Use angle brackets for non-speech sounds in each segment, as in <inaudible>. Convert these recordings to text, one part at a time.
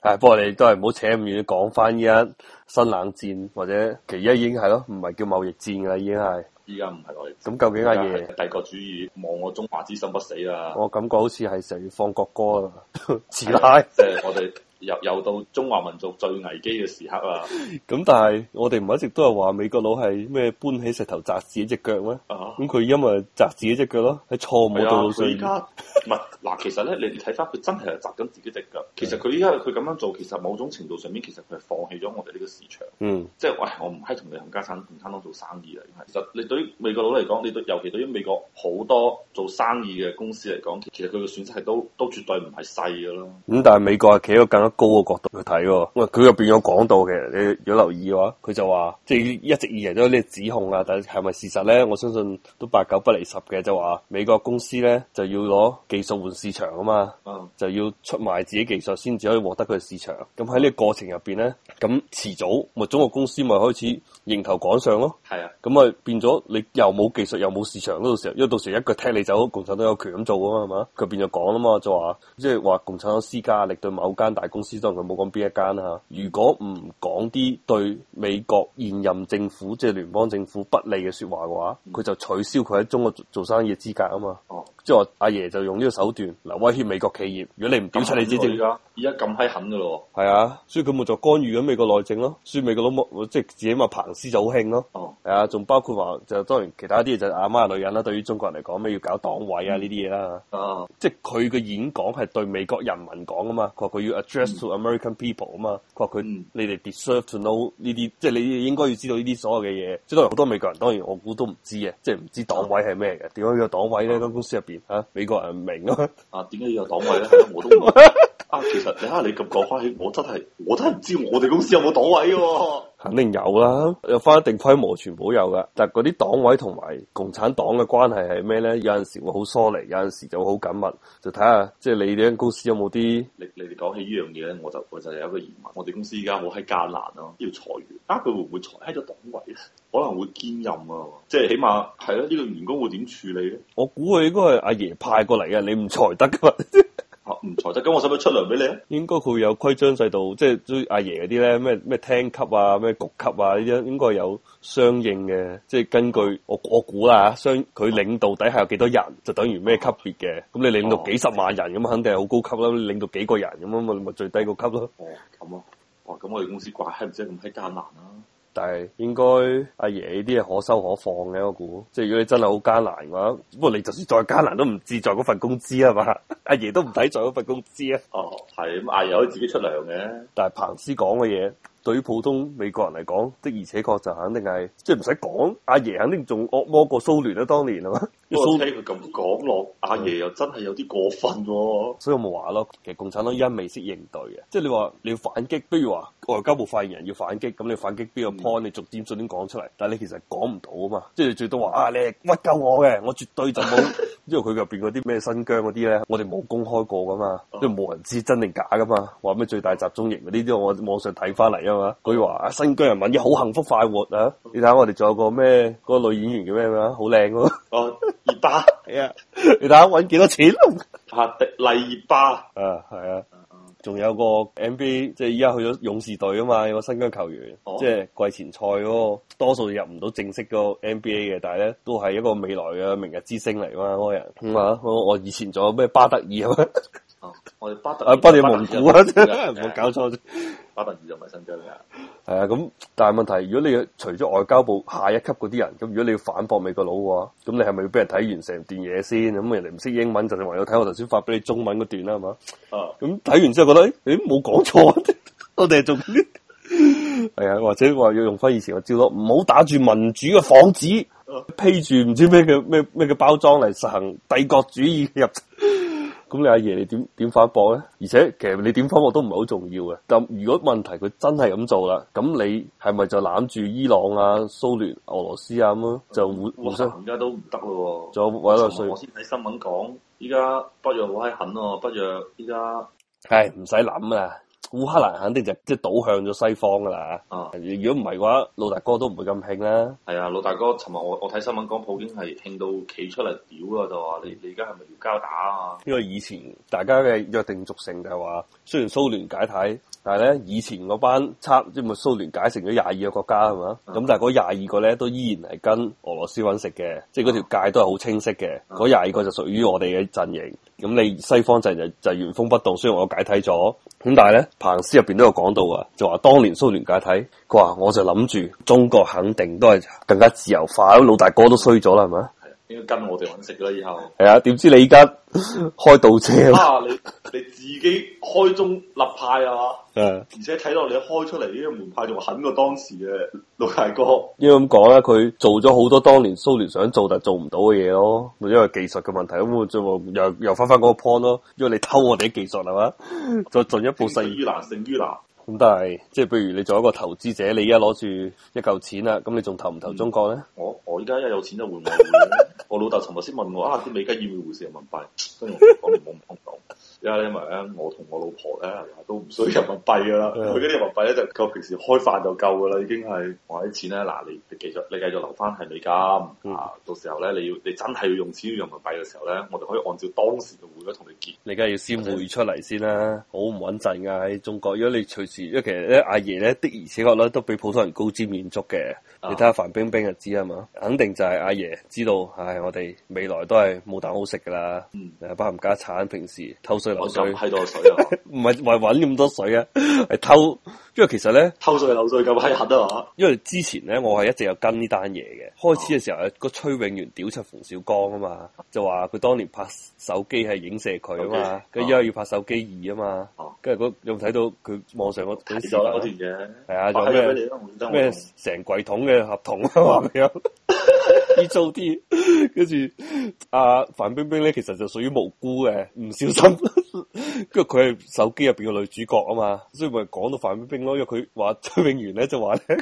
係，不過你都係唔好扯咁遠，講翻呢一新冷戰，或者其一已經係咯，唔係叫貿易戰噶啦，已經係。依家唔係貿易。咁究竟係乜嘢？帝國主義，望我中華之心不死啊！我感覺好似係成日放國歌啦，自 <laughs> 拉喇，即係、就是、我哋又又到中華民族最危機嘅時刻啦。咁 <laughs> 但係我哋唔係一直都係話美國佬係咩搬起石頭砸自己隻腳咩？咁佢、uh huh. 因為砸自己隻腳咯，係錯誤到老死。嗱，其實咧，你你睇翻佢真係係集緊自己隻腳㗎。其實佢依家佢咁樣做，其實某種程度上面，其實佢係放棄咗我哋呢個市場。嗯，即，即係喂，我唔係同你冚家鏟共產黨做生意啦。其實你對於美國佬嚟講，你尤其對於美國好多做生意嘅公司嚟講，其實佢嘅損失係都都絕對唔係細㗎咯。咁、嗯、但係美國係企喺一個更加高嘅角度去睇喎。喂，佢入邊有講到嘅，你如果留意嘅話，佢就話即係一直以嚟都有啲指控啊，但係係咪事實咧？我相信都八九不離十嘅，就話美國公司咧就要攞技術換市場啊嘛，嗯、就要出賣自己技術先至可以獲得佢嘅市場。咁喺呢個過程入邊咧，咁遲早，咪中國公司咪開始迎頭趕上咯？係啊的，咁啊變咗你又冇技術又冇市場到時候，因為到時一腳踢你走，共產黨有權咁做啊嘛，係嘛，佢變咗講啦嘛，就話即係話共產黨施加壓力對某間大公司，即係佢冇講邊一間啦、啊、如果唔講啲對美國現任政府即係聯邦政府不利嘅說話嘅話，佢、嗯、就取消佢喺中國做生意嘅資格啊嘛。嗯即係阿爺就用呢個手段嚟威脅美國企業，如果你唔屌出你自知？而家而家咁閪狠噶咯喎，係啊，所以佢冇做干預咗美國內政咯，輸美國佬冇即係自己咪彭斯就好興咯，係、哦、啊，仲包括話就當然其他啲嘢，就阿媽，媽女人啦，對於中國人嚟講咩要搞黨委啊呢啲嘢啦，即係佢嘅演講係對美國人民講啊嘛，佢話佢要 address、嗯、to American people 啊嘛，佢話佢你哋 deserve to know 呢啲，即係你應該要知道呢啲所有嘅嘢，即係當然好多美國人當然我估都唔知啊，即係唔知黨委係咩嘅，點解、嗯、有黨委呢，間、嗯？公司入邊。吓，美國人唔明咯，啊，點解要有黨委咧、 <laughs> 啊？我都，唔明啊，其實睇下你咁講翻起，我真係，我真係唔知我哋公司有冇黨委喎、啊。 <laughs> 肯定有啦，有翻一定規模全部有噶。但係嗰啲黨委同埋共產黨嘅關係係咩咧？有陣時會好疏離，有陣時就好緊密。就睇下，即係你哋間公司有冇啲你你哋講起呢樣嘢咧，我就我就有一個疑問：我哋公司而家冇喺艱難咯，呢度裁員，啊佢會唔會裁喺啲黨委可能會兼任啊，即、就、係、是、起碼係咯。呢、啊呢個員工會點處理咧？我估佢應該係阿爺派過嚟嘅，你唔裁得噶嘛？ <laughs> 咁我使唔使出糧俾你啊？應該佢有規章制度，即係阿爺嗰啲咧，咩咩廳級啊，咩局級啊，應該有相應嘅，即係根據我我估啦嚇，相佢領導底下有幾多人，就等於咩級別嘅。咁你領導幾十萬人，咁肯定係好高級啦。領導幾個人咁啊，咪咪最低個級咯。哦、哎，咁咯、啊。哇，咁我哋公司怪唔知咁閪艱難啦、啊。但係應該阿爺呢啲係可收可放嘅，我估。即係如果你真係好艱難嘅話， <noise> 不過你就算再艱難都唔自在嗰份工資啊嘛，阿爺 <laughs> 都唔抵在嗰份工資啊。哦，係咁阿爺可以自己出糧嘅。 <noise> 但係彭斯講嘅嘢。對於普通美國人嚟講，的而且確就肯定係，即係唔使講，阿爺肯定仲惡魔過蘇聯啊！當年啊嘛，我睇佢咁講落，阿爺 <laughs> 又真係有啲過分，啊，所以我咪話咯，其實共產黨依家未識應對嘅，即係你話你要反擊，比如話外交部發言人要反擊，咁你反擊邊個 point，嗯、你逐點逐點講出嚟，但係你其實講唔到啊嘛，即係最多話啊，你屈鳩我嘅，我絕對就冇。 <laughs> 之後佢入邊嗰啲咩新疆嗰啲咧，我哋冇公開過噶嘛，都冇人知真定假噶嘛。話咩最大集中營嗰啲，都我網上睇翻嚟啊嘛。佢話新疆人民嘢好幸福快活啊！你睇下我哋仲有個咩嗰、嗰個女演員叫咩名好靚喎。啊、哦，熱巴，係啊！ <laughs> 你睇下揾幾多錢啊？吓，迪麗熱巴，啊係啊。仲有個 NBA，即係依家去咗勇士隊啊嘛，有個新疆球員，oh. 即係季前賽嗰個多數入唔到正式嗰個 NBA 嘅，但係咧都係一個未來嘅明日之星嚟㗎嘛，個人。咁啊、mm. 嗯，我以前仲有咩巴德爾啊？ <laughs> 哦、我哋巴特，啊，巴利蒙古啊，真係冇搞錯，巴特爾就唔係新疆㗎，係啊，咁但係問題，如果你除咗外交部下一級嗰啲人，咁如果你要反駁美國佬嘅話，咁你係咪要俾人睇完成段嘢先？咁人哋唔識英文，就係、是、話要睇我頭先發俾你中文嗰段啦，係嘛？啊，咁睇完之後覺得，誒、欸，冇講錯， <laughs> <laughs> 我哋係做，係 <laughs> 啊，或者話要用翻以前嘅招咯，唔好打住民主嘅幌子，啊、披住唔知咩嘅咩咩嘅包裝嚟實行帝國主義嘅入咁你阿爺你點點反駁咧？而且其實你點反駁都唔係好重要嘅。咁如果問題佢真係咁做啦，咁你係咪就攬住伊朗啊、蘇聯、俄羅斯啊咁咯？就互相而家都唔得咯。仲有委內瑞。我先睇新聞講，依家北約好閪狠哦、啊，北約依家。唉，唔使諗啊！烏克蘭肯定就即係倒向咗西方噶啦，如果唔係嘅話，老大哥都唔會咁興啦。係啊，老大哥，尋日我我睇新聞講普京係興到企出嚟屌啊，就話你你而家係咪要交打啊？因為以前大家嘅約定俗成就係話，雖然蘇聯解體，但係咧以前嗰班差，即係咪蘇聯解成咗廿二個國家係嘛？咁、嗯、但係嗰廿二個咧都依然係跟俄羅斯揾食嘅，即係嗰條界都係好清晰嘅，嗰廿二個就屬於我哋嘅陣營。咁你西方就是、就就原封不動，雖然我解體咗，咁但係咧彭斯入邊都有講到啊，就話當年蘇聯解體，佢話我就諗住中國肯定都係更加自由化，老大哥都衰咗啦，係咪？應該跟我哋搵食啦，以後係啊？點知你而家開倒車？啊！你你自己開宗立派啊！嗯， <laughs> 而且睇落你開出嚟，呢個門派仲狠過當時嘅老大哥。因為咁講咧？佢做咗好多當年蘇聯想做但做唔到嘅嘢咯，因為技術嘅問題。咁我再話又又翻翻嗰個 point 咯，因為你偷我哋啲技術係嘛，再進一步勝於難，勝於難。咁但係，即係譬如你做一個投資者，你而家攞住一嚿錢啦，咁你仲投唔投中國咧、嗯？我我而家一有錢就換 <laughs> 我老豆尋日先問我啊啲美金要唔要換人民幣，所以我冇咁講。 <laughs> 因為咧，我同我老婆咧，都唔需要人民幣噶啦。佢嗰啲人民幣咧，就夠平時開飯就夠噶啦，已經係我啲錢咧，嗱，你其實你繼續留翻係美金啊。是是嗯、到時候咧，你要你真係要用至於人民幣嘅時候咧，我哋可以按照當時嘅匯率同你結。你梗係要先匯出嚟先啦，好唔穩陣噶喺中國。如果你隨時，因為其實咧阿爺咧的而且確咧都比普通人高瞻遠矚嘅。啊、你睇下范冰冰就知啦嘛，肯定就係阿爺知道，唉、哎，我哋未來都係冇啖好食噶啦。嗯，包含家產，平時流水太多水，唔係唔係揾咁多水啊，係偷。因為其實咧，偷稅漏稅咁閪狠啊！因為之前咧，嗯、我係一直有跟呢單嘢嘅。開始嘅時候，啊、個崔永元屌出馮小剛啊嘛，就話佢當年拍手機係影射佢啊嘛，跟住之後要拍手機二啊嘛，跟住嗰又睇到佢網上個睇咗嗰段嘢，係啊，仲有咩咩成櫃桶嘅合同啊咁。 <laughs> <laughs> 做啲，跟住阿范冰冰咧，其實就屬於無辜嘅，唔小心。跟住佢係手機入邊嘅女主角啊嘛，所以咪講到范冰冰咯。因為佢話崔永元咧就話咧，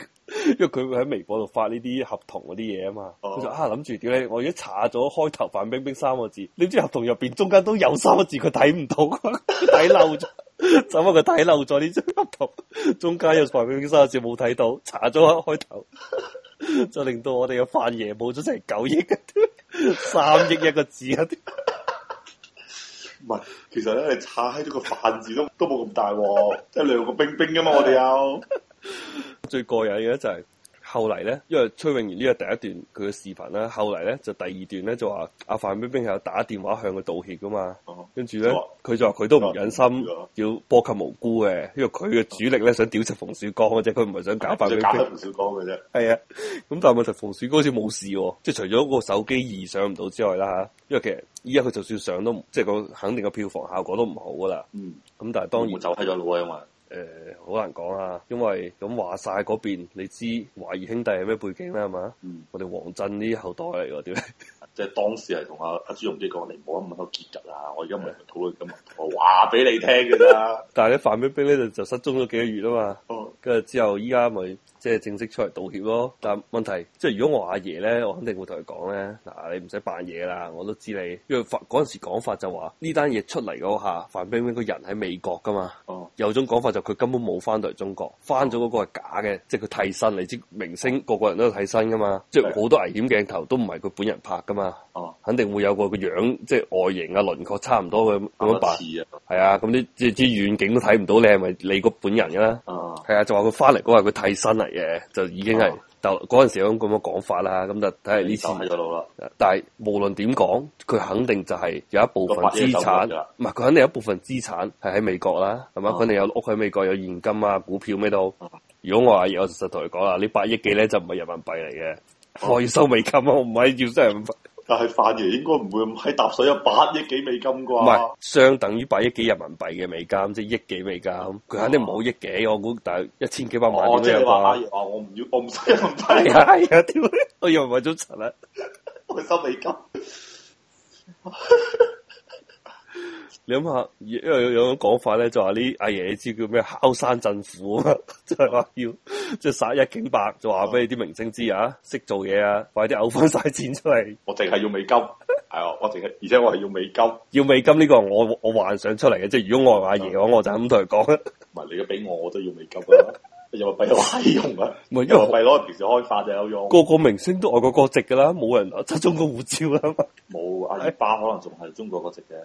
因為佢會喺微博度發呢啲合同嗰啲嘢啊嘛，佢、oh. 就啊諗住點咧，我而家查咗開頭范冰冰三個字，點知合同入邊中間都有三個字，佢睇唔到，睇漏咗，就因為佢睇漏咗呢張合同中間有范冰冰三個字冇睇到，查咗開頭。就令到我哋嘅范爺冇咗成九億，三 <laughs> 億一個字，啲唔係，其實咧，你踩喺個范字都都冇咁大喎、啊，即係 <laughs> 兩個冰冰噶嘛，我哋有最過癮嘅就係、是。後嚟咧，因為崔永元呢個第一段佢嘅視頻啦，後嚟咧就第二段咧就話阿范冰冰係有打電話向佢道歉噶嘛，跟住咧佢就話佢都唔忍心要波及無辜嘅，因為佢嘅主力咧、啊、想屌柒馮小剛嘅啫，佢唔係想搞翻佢。即係搞翻馮小剛嘅啫。係啊，咁但係問題馮小剛好似冇事，即係除咗個手機二上唔到之外啦吓，因為其實依家佢就算上都即係個肯定個票房效果都唔好噶啦。咁、嗯、但係當然。走咗佬啊嘛。誒、好、呃、難講啊，因為咁話晒嗰邊，你知華誼兄弟係咩背景咧，係嘛？嗯，我哋王震啲後代嚟嘅點？ <laughs> 即係當時係同阿阿朱鎔基講，你唔好咁搵我結噶啦、啊，我而家咪討論緊問題，我話俾你聽嘅咋。 <laughs> 但係咧，范冰冰咧就就失蹤咗幾個月啊嘛。哦、嗯，跟住之後依家咪。即係正式出嚟道歉咯，但問題即係如果我阿爺咧，我肯定會同佢講咧。嗱，你唔使扮嘢啦，我都知你。因為法嗰陣時講法就話呢單嘢出嚟嗰下，范冰冰個人喺美國噶嘛。哦、啊。有種講法就佢根本冇翻到嚟中國，翻咗嗰個係假嘅，即係佢替身。你知明星個個人都有替身噶嘛，即係好多危險鏡頭都唔係佢本人拍噶嘛。哦、啊。肯定會有個個樣，即係外形啊輪廓差唔多佢咁樣扮。似啊。係啊，咁啲即係啲遠景都睇唔到你，是是你係咪你個本人噶啦？哦、啊。係啊，就話佢翻嚟嗰個係佢替身嚟。嘢就已經係就嗰陣時有咁嘅講法啦，咁就睇下呢次走喺咗路啦。但係無論點講，佢肯定就係有一部分資產，唔係佢肯定有一部分資產係喺美國啦，係嘛？佢哋，啊、有屋喺美國，有現金啊、股票咩都。如果我話，我實實同佢講啦，呢八億幾咧就唔係人民幣嚟嘅，我要，啊、收美金啊！我唔係要真係但係范爺應該唔會喺搭水有八億幾美金啩？唔係相等於八億幾人民幣嘅美金，即係億幾美金，佢肯定唔好億幾，啊、我估大約一千幾百萬咁樣啩。我即係話，我唔要，我唔使人民幣。係啊，屌！我以為買咗陳啦，我收美金。 <laughs> 你諗下，因為有有種講法咧，就話呢，阿爺你知叫咩？敲山震虎啊，就係話要，即係殺一儆百，就話俾你啲明星知啊，識做嘢啊，快啲嘔翻晒錢出嚟。我淨係要美金，係、 <laughs> 啊、我淨係，而且我係要美金。要美金呢個我我，我幻想出嚟嘅，即、就、係、是、如果我係阿爺嘅話，我就咁同佢講。唔 <laughs> 係你如果俾我，我都要美金啊。 <laughs> 又話幣有係用啊，唔係因為幣攞平時開化就有用。個個明星都外國國籍噶啦，冇人出中國護照啦。冇，阿巴是可能仲係中國國籍嘅。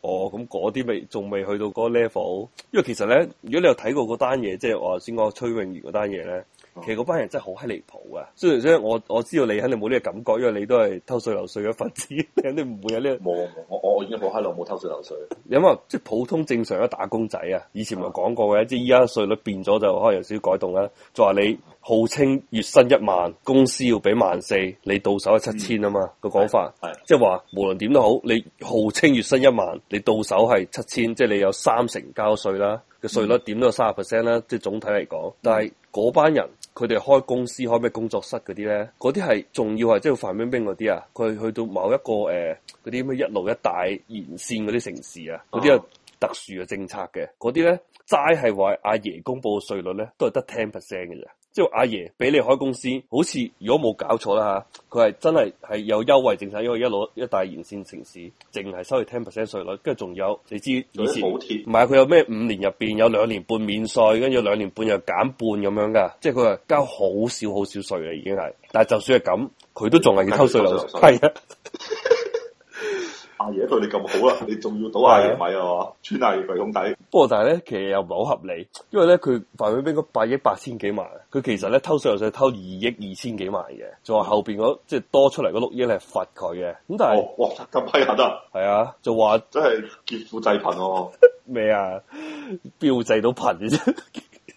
哦，咁嗰啲未，仲未去到嗰個 level。因為其實咧，如果你有睇過嗰單嘢，即係我頭先講崔永元嗰單嘢咧。其實嗰班人真係好閪離譜啊。雖然即係我我知道你肯定冇呢個感覺，因為你都係偷稅漏稅嘅份子，你肯定唔會有呢個。冇，我我已經冇閪漏，冇偷稅漏稅。因為即係普通正常嘅打工仔啊，以前咪講過嘅，啊、即係依家稅率變咗就可能有少少改動啦。就話你號稱月薪一萬，公司要俾萬四，你到手係七千啊嘛個講、嗯、法。係，即係話無論點都好，你號稱月薪一萬，你到手係七千，即係你有三成交稅啦。個稅率點都有三十 percent 啦，即係、嗯、總體嚟講。但係嗰班人。佢哋開公司開咩工作室嗰啲咧，嗰啲係仲要係即係范冰冰嗰啲啊，佢去到某一個誒嗰啲咩一路一帶沿線嗰啲城市啊，嗰啲有特殊嘅政策嘅，嗰啲咧齋係話阿爺公布嘅稅率咧，都係得 ten percent 嘅啫。即阿爺俾你開公司，好似如果冇搞錯啦吓，佢、啊、係真係係有優惠政策，因為一攞一大沿線城市，淨係收你 ten percent 稅率，跟住仲有你知以前，唔係佢有咩五年入邊有兩年半免稅，跟住兩年半又減半咁樣噶，即係佢話交好少好少稅嘅已經係，但係就算係咁，佢都仲係要偷稅漏稅。的 <laughs> 而家對你咁好啦，你仲要倒下嘢米啊？穿、啊、下羽咁底。不過，但係咧，其實又唔係好合理，因為咧佢范冰冰嗰八億八千幾萬，佢其實咧偷稅漏稅偷二億二千幾萬嘅，仲話後邊嗰即係多出嚟嗰六億咧罰佢嘅。咁但係、哦，哇咁閪下得？係啊，就話真係劫富濟貧喎、啊。咩 <laughs> 啊？標制到貧啫，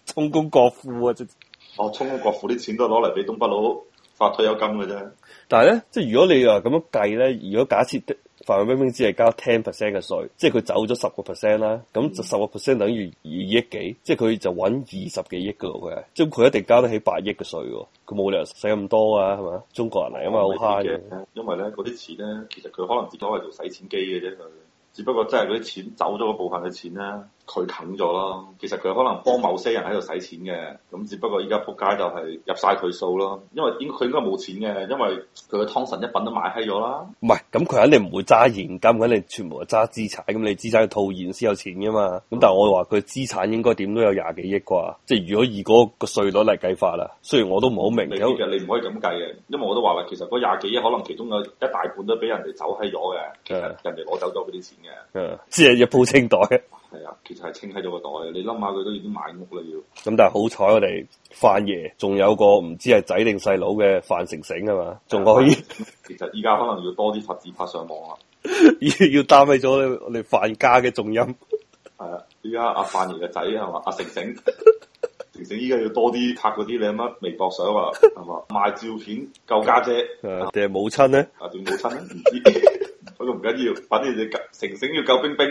充 <laughs> 公國庫啊！即係，哦，充公國庫啲錢都攞嚟俾東北佬發退休金嘅啫。但係咧，即係如果你話咁樣計咧，如果假設范冰冰只係交 ten percent 嘅稅，即係佢走咗十個 percent 啦，咁十個 percent 等於二億、嗯、幾，即係佢就揾二十幾億嘅喎，佢係，即係佢一定交得起百億嘅稅喎，佢冇理由使咁多啊，係嘛？中國人嚟啊嘛，好慳嘅。因為咧，嗰啲錢咧，其實佢可能只係做洗錢機嘅啫，佢，只不過真係嗰啲錢走咗嗰部分嘅錢啦。佢啃咗咯，其實佢可能幫某些人喺度使錢嘅，咁只不過依家仆街就係入晒佢數咯。因為應佢應該冇錢嘅，因為佢嘅湯臣一品都賣閪咗啦。唔係，咁佢肯定唔會揸現金，肯定全部揸資產。咁你資產套現先有錢噶嘛？咁但係我話佢資產應該點都有廿幾億啩？即係如果以嗰個稅率嚟計法啦。雖然我都唔好明。你唔其實 可以咁計嘅，因為我都話啦，其實嗰廿幾億可能其中有一大半都俾人哋走閪咗嘅，的人哋攞走咗佢啲錢嘅，即係一鋪清袋。係啊，其實係清喺咗個袋啊！你諗下佢都已經買屋啦，要咁但係好彩我哋范爺仲有個唔知係仔定細佬嘅范成成啊嘛，仲可以。其實依家可能要多啲拍自拍上網啦 <laughs> 要要擔起咗我哋范家嘅重音。係啊，依家阿范爺嘅仔係嘛？阿成成，成成依家要多啲拍嗰啲你乜微博相啊？係嘛，賣照片救家姐定係吧母親咧？啊，定母親咧？唔知，不過唔緊要，反正你成成要救冰冰。